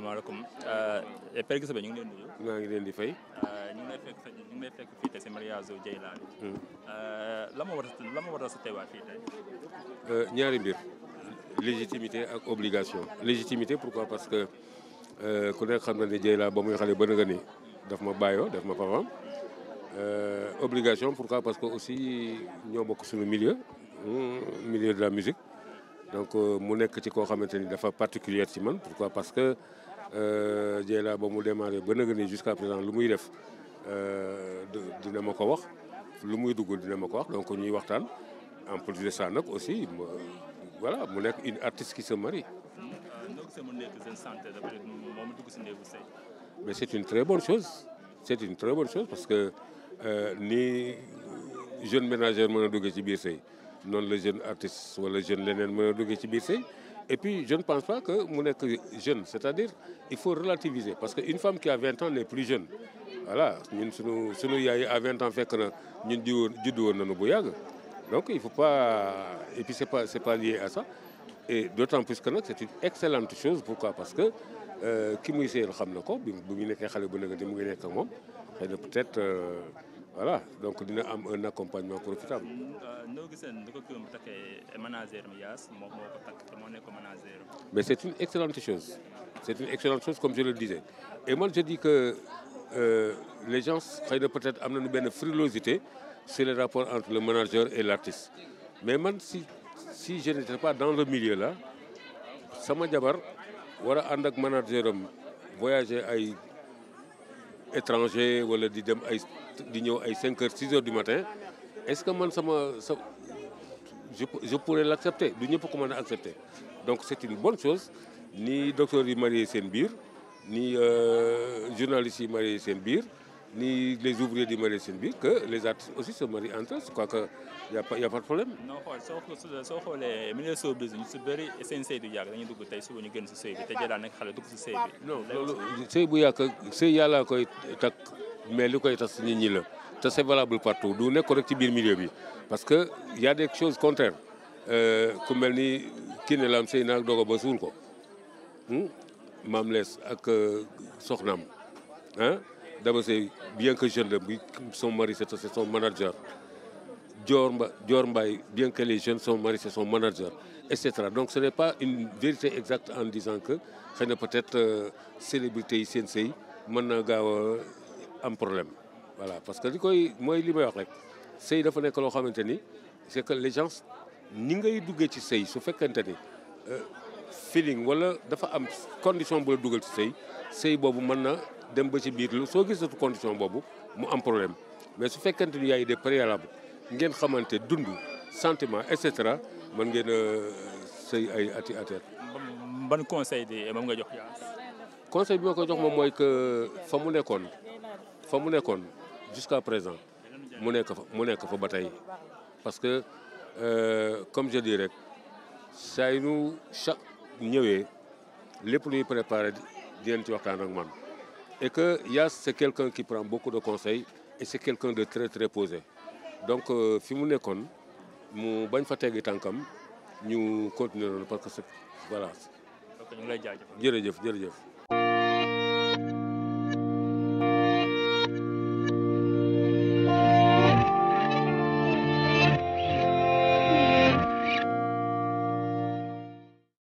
asalaamaaleykum euh, Père bi ñu ngi leen nuyu. leen di fay. Euh, ñu ngi lay la ma war a ñaari mbir légitimité ak obligation légitimité pourquoi parce que euh, ku nekk xam na ne Dieyla ba muy xale ba nga ni daf ma bàyyoo daf ma papam obligation pourquoi parce que aussi ñoo bokk suñu milieu hmm, milieu de la musique donc mu nekk ci koo xamante ni dafa particulière ci man parce que. Euh, Dieyla ba mu démarré ba nëgë ni jusqu'à présent lu muy def euh, dina ma ko wax lu muy dugg dina ma ko wax donc ñuy waxtaan en plus de ça nag aussi voilà mu nekk une artiste qui se marie. mais c'est une très bonne chose une très bonne chose parce que euh, ni jeune ménagère mën a duggee ci biir sey noonu la jeune artiste wala jeune leneen mën a duggee ci biir sëy Et puis, je ne pense pas que mon que jeune, c'est-à-dire il faut relativiser, parce qu'une femme qui a 20 ans n'est plus jeune. Voilà, nous, nous, nous y a 20 ans, fait que nous avons Donc, il ne faut pas... Et puis, ce n'est pas, pas lié à ça. Et d'autant plus que c'est une excellente chose. Pourquoi Parce que qui euh, Moïse, il le sait, il le sait, il le sait, peut-être... Euh, voilà donc dina am un accompagnement profitable. Mm, euh, Ndogu Sène ni ko kii woon moom moo ko takk moo nekk manager. mais c' est une excellente chose c' est une excellente chose comme je le disais et moi je dis que euh, les gens xëy na peut-être am nañu benn frilosité sur les rapport entre le manager et l' artiste mais man si si je n'étais pas dans le milieu là sama jabar war a ànd ak manager am voyager ay. étranger wala di dem ay di ñëw ay 5 heures 6 heures du matin est-ce que man sama sa je je pourrais l'accepter du ñëpp ko mën a accepter donc c'est une bonne chose ni docteur yi marié seen biir ni euh, journalistes yi marié seen biir ni les ouvriers du Marisine bi que les artistes aussi se marient entre eux quoique y' a pas problème. soo soo xoolee milieu showbiz ñu si bëri seen sëy du yàgg dañuy dugg tey suba ñu gën si sëy bi te si sëy bu yàgg sëy yàllaa koy takk mais li koy tas nit ñi la te c' est valable partout du nekk rek ci bi parce que y' a des choses contraires euh, ku mel ni kii ne la am sëy naag ba suul ko hmm? maam lees ak euh, soxnaam Daba Seye bien que jeune la son mari c'est son manager joor Mba Dior Mbaye bien que les jeunes son mari c'est son manager et cetera donc ce n'est pas une vérité exacte en disant que xëy na peut-être euh, célébrité yi seen sëy mën na gaaw a am problème voilà parce que li koy mooy li may wax rek sëy dafa nekk loo xamante ni c'est que les ni ngay duggee ci sëy su fekkente ni euh, feeling wala dafa am condition bu la dugal ci sëy sëy boobu mën na dem ba ci biir lu soo gisatu condition boobu mu am problème mais su fekkente ni yaay de préalable ngeen xamante dund sentiment et cetera mën ngeen a euh, sëy ay ati ateer. ban conseil de moom nga jox yaa conseil bi ma ko jox moom mooy que fa mu nekkoon fa mu nekkoon jusqu'à présent mu nekk fa mu nekk fa ba tey parce que euh, comme je dis rek saay yu nu chaque ñëwee lépp luy préparé di leen ci waxtaan ak man. Et que Yass, c'est quelqu'un qui prend boku de conseils et c'est quelqu'un de très très posé. Donc, euh, fi mu nekkoon mu bañ fa teggi tànkam ñu continuer noonu parce que voilà. ok lay jaajëfal jërëjëf jërëjëf.